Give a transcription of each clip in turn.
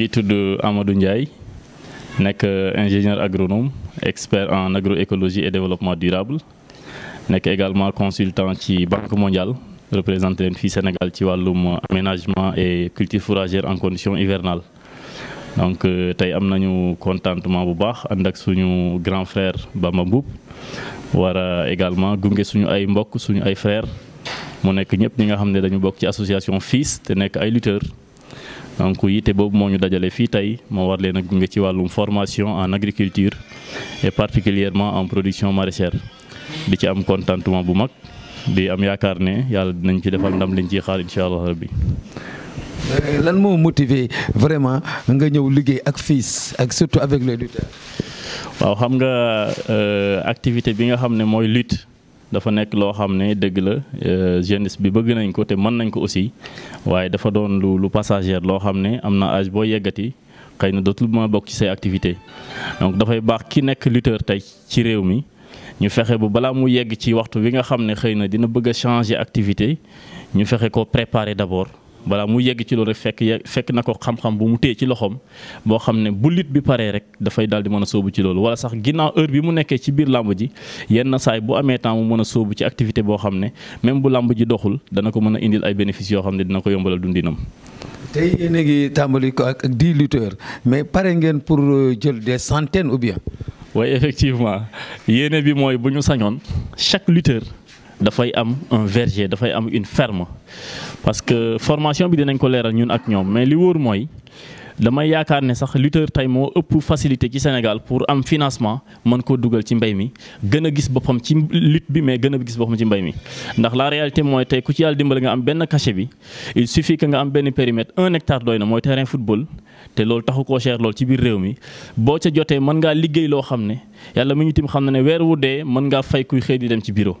ngi tudd Amadou Ndiaye nekk ingénieur agronome expert en agroécologie et développement durable nekk également consultant ci Banque mondiale représenté leen fii Sénégal ci wàllum aménagement et culture fourragère en condition hivernales donc euh, tey am nañu contentement bu baax ànd ak suñu grand frère Bamba Mboup war également gunge suñu ay mbokk suñu ay frères mu nekk ñëpp ñi nga xam ne dañu bokk ci association FIS te nekk ay lutteurs donc yitte boobu moo ñu dajale fii tey moo war leen a gunge ci wàllum formation en agriculture et particulièrement en production maraîchère di ci am contentement bu mag di am yaakaar ne yàlla dinañ ci defal ndam liñ ciy xaar incha allah rabbi euh, lan moo motiver vraiment nga ñëw liggéey ak FILS ak surtout avec les lutteurs waaw xam nga euh, activité bi nga xam ne mooy lutte dafa nekk loo xam ne dëgg la euh, jeunesse bi bëgg nañ ko te mën nañ ko aussi waaye dafa doon lu lu passager loo xam ne am na âge boo yeggati xëy na dootul ma bokk ci say activité donc dafay baax ki nekk lutteur tey ci réew mi ñu fexe bu balaa mu yegg ci waxtu wi nga xam ne xëy na dina bëgg a changer activité ñu fexe ko préparer d'abord balaa mu yegg ci loolu rek fekk ye fekk na ko xam-xam bu mu téye ci loxoom boo xam ne bu lit bi paree rek dafay daal di mën a sóobu ci loolu wala sax ginnaaw heure bi mu nekkee ci biir làmb ji yenn saay bu amee temps mu mën a sóobu ci activité boo xam ne même bu làmb ji doxul dana ko mën a indil ay bénéfices yoo xam ne dina ko yombalal dundinam. tey yéen a tàmbali ko ak 10 lutteurs mais pare ngeen pour euh, jël des centaines ou bien. waaye effectivement yéene bi mooy bu ñu sañoon chaque lutteur. dafay am un verger dafay am une ferme parce que formation bi dinañ ko leeral ñun ak ñoom mais li wóor mooy damay yaakaar ne sax lutteur tey moo ëpp facilité ci Sénégal pour am financement mën koo dugal ci mbay mi gën a gis boppam ci lutte bi mais gën a gis boppam ci mbay mi. ndax la réalité mooy tey ku ci yàlla dimbali nga am benn cachet bi il suffit que nga am benn périmètre un hectare doy na mooy terrain football te loolu taxu koo cher lool ci biir réew mi boo ca jotee man ngaa liggéey loo xam ne yàlla mi ñu tim xam na ne weer wu dee ngaa fay kuy xëy di dem ci bureau.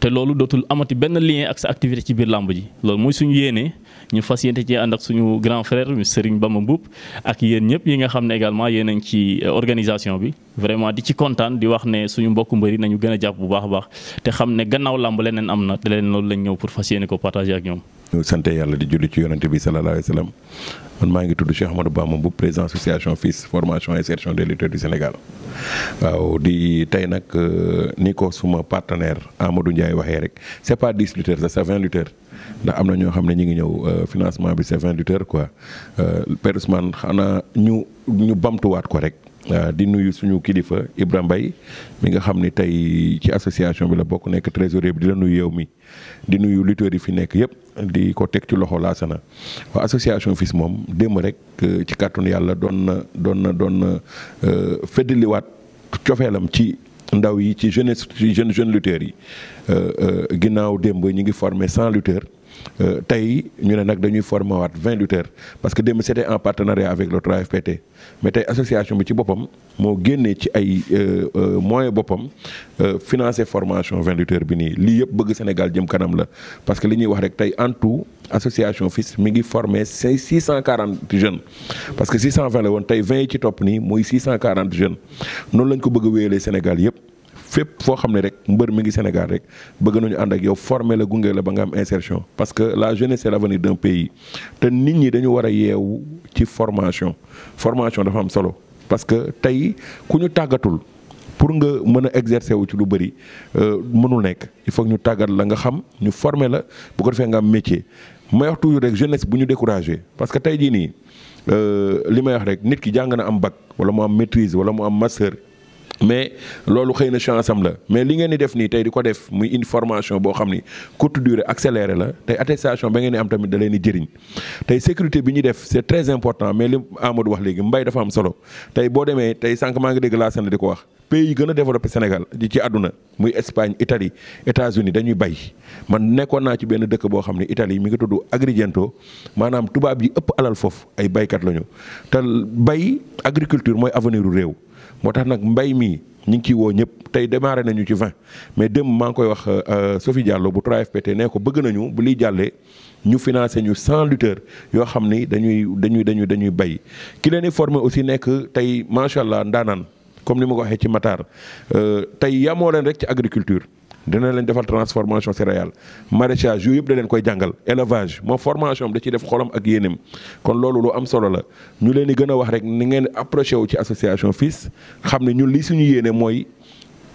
te loolu dootul amati benn lien ak sa activité ci biir làmb ji loolu mooy suñu yéenee ñu fas yéente ci ànd ak suñu grand frère Serigne Bamba Mboup ak yéen ñëpp yi nga xam ne également yéenañ ci euh, organisation bi vraiment di ci kontaan di wax ne suñu mbokku mbëri nañu gën a jàpp bu baax a baax te xam ne gannaaw làmb leneen am na te leneen loolu lañ ñëw pour fas yéene ko partager ak ñoom ñu sant yàlla di julli ci yonante bi sallallahu alayhi wa sallam man maa ngi tudd Cheikh Amadou Bamba Mboup président association FILS formation insertion de lutteurs du Sénégal waaw di tey nag euh, ni ko suma partenaire Amadou Ndiaye waxee rek c'est pas dix lutteurs ça c'est vingt lutteurs ndax am na ñoo xam ne ñu ngi ñëw euh, financement bi c'est vingt lutteurs quoi euh, Père Ousmane xanaa ñu ñu bamtuwaat ko rek. Euh, di nuyu suñu kilifa ibra mbay mi nga xam ni tey ci association bi la bokk nekk trésorier bi di la nuyu yow mi di nuyu lutteurs yi fi nekk yëpp di ko teg ci loxo laasana waa association FILS moom démb rek euh, ci kàttanu yàlla doon na doon na doon na euh, feddaliwaat cofeelam ci ndaw yi ci jeunes ci jeune jeune lutteurs yi ginnaaw démb ñu ngi formé cent lutteurs Euh, tey ñu ne nag dañuy former waat vingt parce que démb c'était en partenariat avec le 3FPT mais tey association bi ci boppam moo génnee ci ay euh, euh, moyen boppam financer formation vingt lutteurs bi nii lii yëpp bëgg Sénégal jëm kanam la parce que li ñuy wax rek tey en tout association FILS mi ngi former say six cent quarante jeunes parce que six cent vingt la woon tey vingt yi ci topp nii muy six cent quarante jeunes noonu lañ ko bëgg a wéyalee Sénégal yëpp fépp foo xam ne rek mbër mi ngi Sénégal rek bëgg nañu ànd ak yow former la gunge la ba nga am insertion parce que la jeunesse c'est l'avenir d'un pays te nit ñi dañu war a yeewu ci formation formation dafa am solo parce que tey ku ñu tàggatul pour nga mën a exercer wu ci lu bëri euh, mënul nekk il faut ñu tàggat la nga xam ñu former la bu ko defee nga am métier may wax toujours rek jeunesse bu ñu décourager parce que tey jii nii euh, li may wax rek nit ki jàng na am bac wala mu am maîtrise wala mu am master. mais loolu xëy na chance am la mais li ngeen di def nii tey di ko def muy une formation boo xam ni courte durée accélérée la tey attestation ba ngeen di am tamit da leen di jëriñ tey sécurité bi ñu def c' est très important mais li Amadou wax léegi mbay dafa am solo tey boo demee tey sànq maa ngi dégg laa seen di ko wax. pays yi gën a développé Sénégal di ci àdduna muy Espagne Italie États-Unis dañuy bay man nekkoon naa ci benn dëkk boo xam ne Italie mi ngi tudd Agrigento maanaam tubaab yi ëpp alal foofu ay baykat lañu te bay agriculture mooy avenir u réew moo tax nag mbay mi ñu ngi ciy woo ñëpp tey démarré nañu ci 20 mais dem maa ngi koy wax euh, euh, Sophie Diallo bu 3FPT nee ko bëgg nañu bu liy jàllee ñu financé ñu cent lutteurs yoo xam ni dañuy dañuy dañuy dañuy bay ki leen di formé aussi nekk tey macha allah ndaanaan comme ni ma ko waxee ci Matar euh, tey yamoo leen rek ci agriculture dina leen defal transformation céréale maraîchage yooyu yëpp da leen koy jàngal élevage moo formation am da ciy def xolam ak yéenem kon loolu lu am solo la ñu leen di gën a wax rek ni ngeen approché wu ci association FILS xam ne ñun li suñu yéenee mooy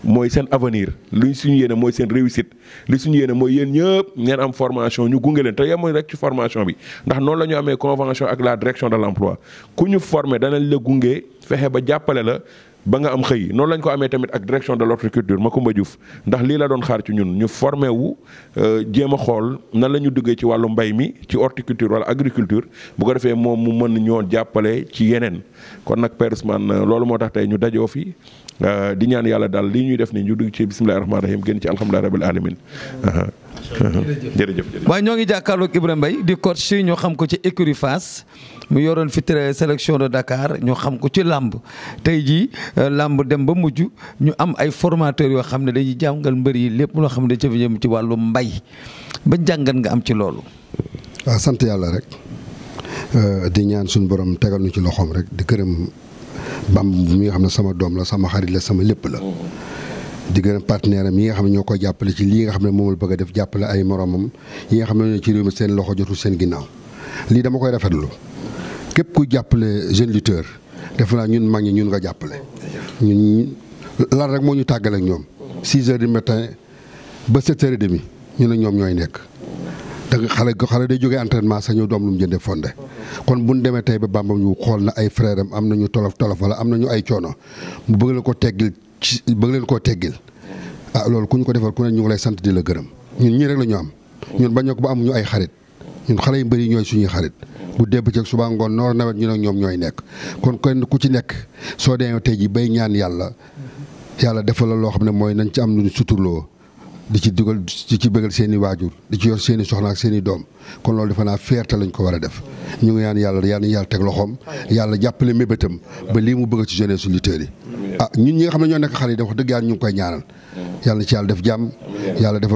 mooy seen avenir li suñu yéene mooy seen réussite li suñu yéene mooy yéen ñëpp ngeen am formation ñu gunge leen te yemuñ rek ci formation bi ndax la ñu amee convention ak la direction de l' emploi ku ñu formé danañ la gunge fexe ba jàppale la ba nga am xëy noonu lañ ko amee tamit ak direction de l'horticulture Macoumba Diouf ndax lii la doon xaar ci ñun ñu formé wu euh, jéem a xool nan la ñu duggee ci wàllu mbay mi ci horticulture wala agriculture bu ko defee moom mu mën ñoo jàppale ci yeneen kon nag Père Ousmane euh, loolu moo tax tey ñu dajoo fi euh, di ñaan yàlla daal lii ñuy def ni ñu dugg ci bismillahi rahmaani rahim génn ci alhamdulillahi rabbil alamin jërëjëf waaye ñoo ngi jàkkaarlook Ibrahima Mbaye di coach ñoo xam ko ci écurie mu yoroon fi sélection de Dakar ñoo xam ko ci làmb tey jii euh, làmb dem ba mujj ñu am ay formateurs yoo xam ne dañuy jàngal mbër yi lépp loo xam ne da jëm ci wàllu mbay ba jàngat nga am ci loolu. waaw sant yàlla rek euh, di ñaan suñu borom tegal nu ci loxoom rek di këram bam mi xam ne sama doom la sama xarit la sama lépp la. Oh. di gën a partenaire am yi nga xam ne ñoo koy jàppale ci lii nga xam ne moom la bëgg a def jàppale ay moroomam yi nga xam ne ci réew mi seen loxo jotul seen ginnaaw lii dama koy rafetlu képp ku jàppale jeune lutteur def naa ñun mag ñi ñun nga jàppale. ñun lan rek moo ñu tàggale ñoom. 6 heures di matin ba 7 heures et demi ñu ne ñoom ñooy nekk. da nga xale xale day jógee entraînement sax ñëw doom lu mu jëndee fonde kon bu ñu demee tey ba bambam ñu xool na ay frère am am nañu tolof tolof wala am nañu ay coono mu ko teggil ci bëgg leen koo teggil ah loolu ku ñu ko defal ku ne ñu ngi lay sant di la gërëm ñun ñii rek la ñu am ñun bañ ko ba am ñu ay xarit ñun xale yu bëri ñooy suñuy xarit bu débb ceeg suba ngoon noor nawet ñu nag ñoom ñooy nekk kon kenn ku ci nekk soo demee tey ji bay ñaan yàlla yàlla defal la loo xam ne mooy nañ ci am lu ñu suturloo di ci dugal di ci bëggal seen waajur di ci yor seeni i soxna ak seen i doom kon loolu defe naa fierté lañ ko war a def ñu ngi ñaan yàlla yàlla yàlla teg loxoom yàlla jàppale mébétam ba lii mu bëgg ci jeunesse lutteurs yi ah ñun ñi nga xam ne ñoo nekk xale yi da wax dëgg yàlla ñu ngi koy ñaanal yàlla ci yàlla def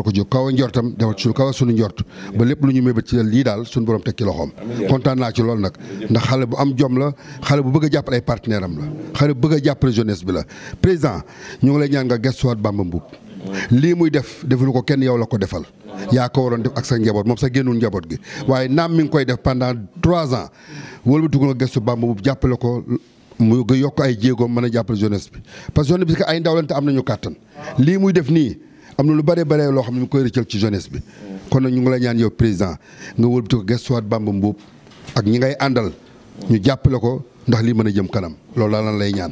ba lépp lu ñu mébét ci lii daal suñu borom teg ci loxoom kontaan naa ci loolu nag ndax xale bu la xale bu bëgg a jàppale ay partenaire am la xale bu bëgg a jàppale jeunesse bi la président ñu ngi lay ñaan nga gestuwaat Bamba Mbuub lii muy def defalu ko kenn yow la ko defal yaa ko waroon def ak sa njaboot moom sa génnul njaboot gi waaye naam mi ngi koy def pendant trois ans wëlbatiku nga gestu Bamba Mbuub jàppale ko mu yokk ay jéegoom mën a jàppale jeunesse bi parce que bi ay ndaw lañ te am nañu kàttan lii muy def nii am na lu bare bare loo xam ne mu koy rëccal ci jeunesse bi kon nag ñu ngi la ñaan yow président nga wëlbati ko gestuwaat Bamba Mbuub ak ñi ngay àndal ñu jàppale ko ndax lii mën a jëm kanam loolu laa lan lay ñaan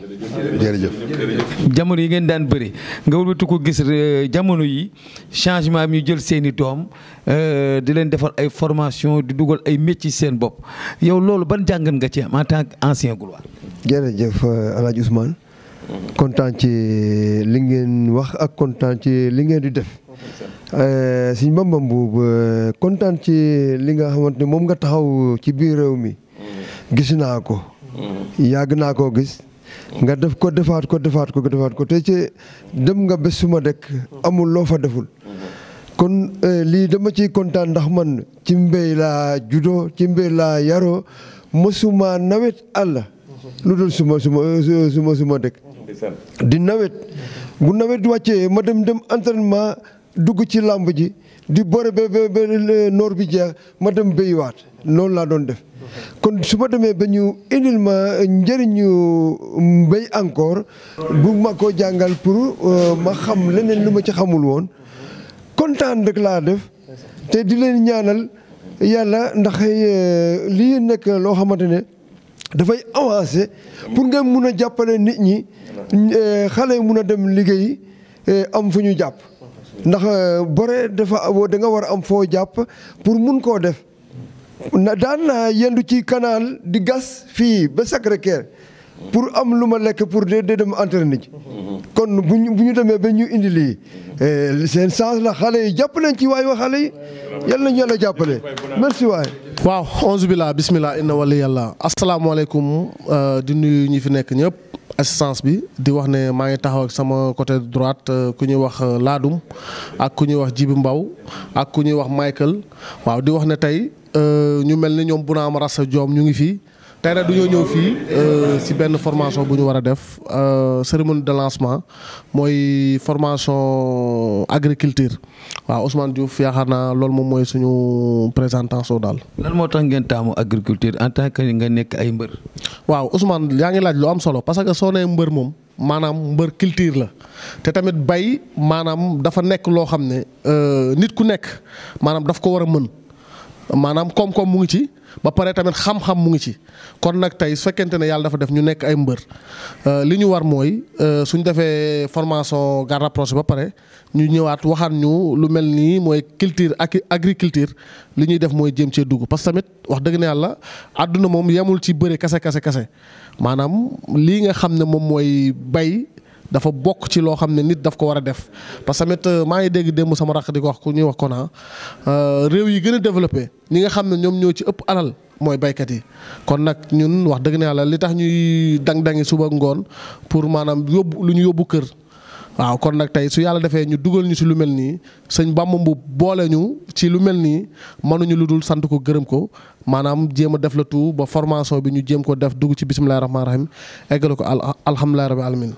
jërëjëf. jamono yi ngeen daan bëri nga wëlbati ko gis euh, jamono yi changement bi ñu jël seen i doom euh, di leen defal ay formation di dugal ay métiers seen bopp yow loolu ban jàngat nga ci am tant que ancien gloire. jërëjëf euh, El Hadj Ousmane. kontaan ci li ngeen wax ak kontaan ci li ngeen di def. suñu mbambam boobu kontaan ci li nga xamante ne moom nga taxaw ci biir réew mi. gis naa ko. yàgg naa koo gis. nga def ko defaat ko defaat ko defaat ko te ci dem nga bés suma dëkk amul loo fa deful. kon eh, lii dama ciy kontaan ndax man ci mbéy laa juddoo ci mbéy laa yaroo mosuma nawet àll. lu dul suma suma suma suma dëkk. di nawet bu nawet wàccee ma dem dem entraînement dugg ci làmb ji di bore ba ba noor bi jeex ma dem béyiwaat loolu laa doon def. kon su ma demee ba ñu indil ma njëriñu mbéy encore bu ma ko jàngal pour euh, ma xam leneen lu ma ci xamul woon kontaan rek laa def te di leen ñaanal yàlla ndax euh, lii nekk loo xamante ne dafay avancer pour nga mun a jàppale nit ñi euh, xale yi mun a dem liggéey am fu ñu jàpp ndax bore dafa da nga war a am foo jàpp pour mun koo def na daan naa yendu ci kanaan di gas fii ba sacré pour am lu ma lekk pour de de dem entraîné ji kon bu ñu demee ba ñu indi lii eh, seen chance la xale yi jàpp nañ ci waay wa xale yi yal nañu yàlla jàppale merci waay waaw onze billah bismillah inna wali yàlla asalaamaaleykum euh, di nuyu ñi fi nekk ñëpp assistance bi di wax ne maa ngi taxaw ak sama côté droite euh, ku ñuy wax euh, Laadum ak ku ñuy wax Jibi Mbaw ak ku ñuy wax Michael waaw di wax ne tey euh, ñu mel ni ñoom bu naam sa joom ñu ngi fii tey nag dañoo ñëw fii euh, si benn formation bu ñu war a def euh, cérémonie de lancement mooy formation agriculture waaw Ousmane Diouf yaakaar naa loolu moom mooy suñu présentation daal. lan moo tax ngeen taamu agriculture en tant que nga nekk ay mbër. waaw Ousmane yaa ngi laaj lu am solo parce que soo nee mbër moom maanaam mbër culture la te tamit bay maanaam dafa nekk loo xam ne euh, nit ku nekk maanaam daf ko war a mën. maanaam koom-koom mu ngi ci ba pare tamit xam-xam mu ngi ci kon nag tey sekkente fekkente ne yàlla dafa def ñu nekk ay mbër euh, li ñu war mooy euh, suñ defee formation garde rapprochée ba pare ñu ñëwaat waxaan ñu lu mel nii mooy culture ak agriculture li ñuy def mooy jéem cee dugg parce que tamit wax dëgg ne yàlla àdduna moom yemul ci bëre kase kase kase maanaam lii nga xam ne moom mooy bay dafa bokk ci loo xam ne nit daf ko war a def parce que tamit euh, maa ngi dégg démb sama rakk ko wax ku ñuy wax Kona euh, réew yi gën a développé ñi nga xam ne ñoom ñëw ci ëpp alal mooy baykat yi. kon nag ñun wax dëgg na yàlla li tax ñuy dang dangi suba ngoon pour maanaam yóbbu lu ñu yóbbu kër waaw kon nag tey su yàlla defee ñu dugal ñu ci lu mel nii sëñ Bamba Mboup boole ñu ci lu mel nii mënuñu lu dul sant ko gërëm ko maanaam jéem a def la tout ba formation bi ñu jéem ko def dugg ci bisimilah rahmaani rahim eggale ko alhamdulilah rabbil alamin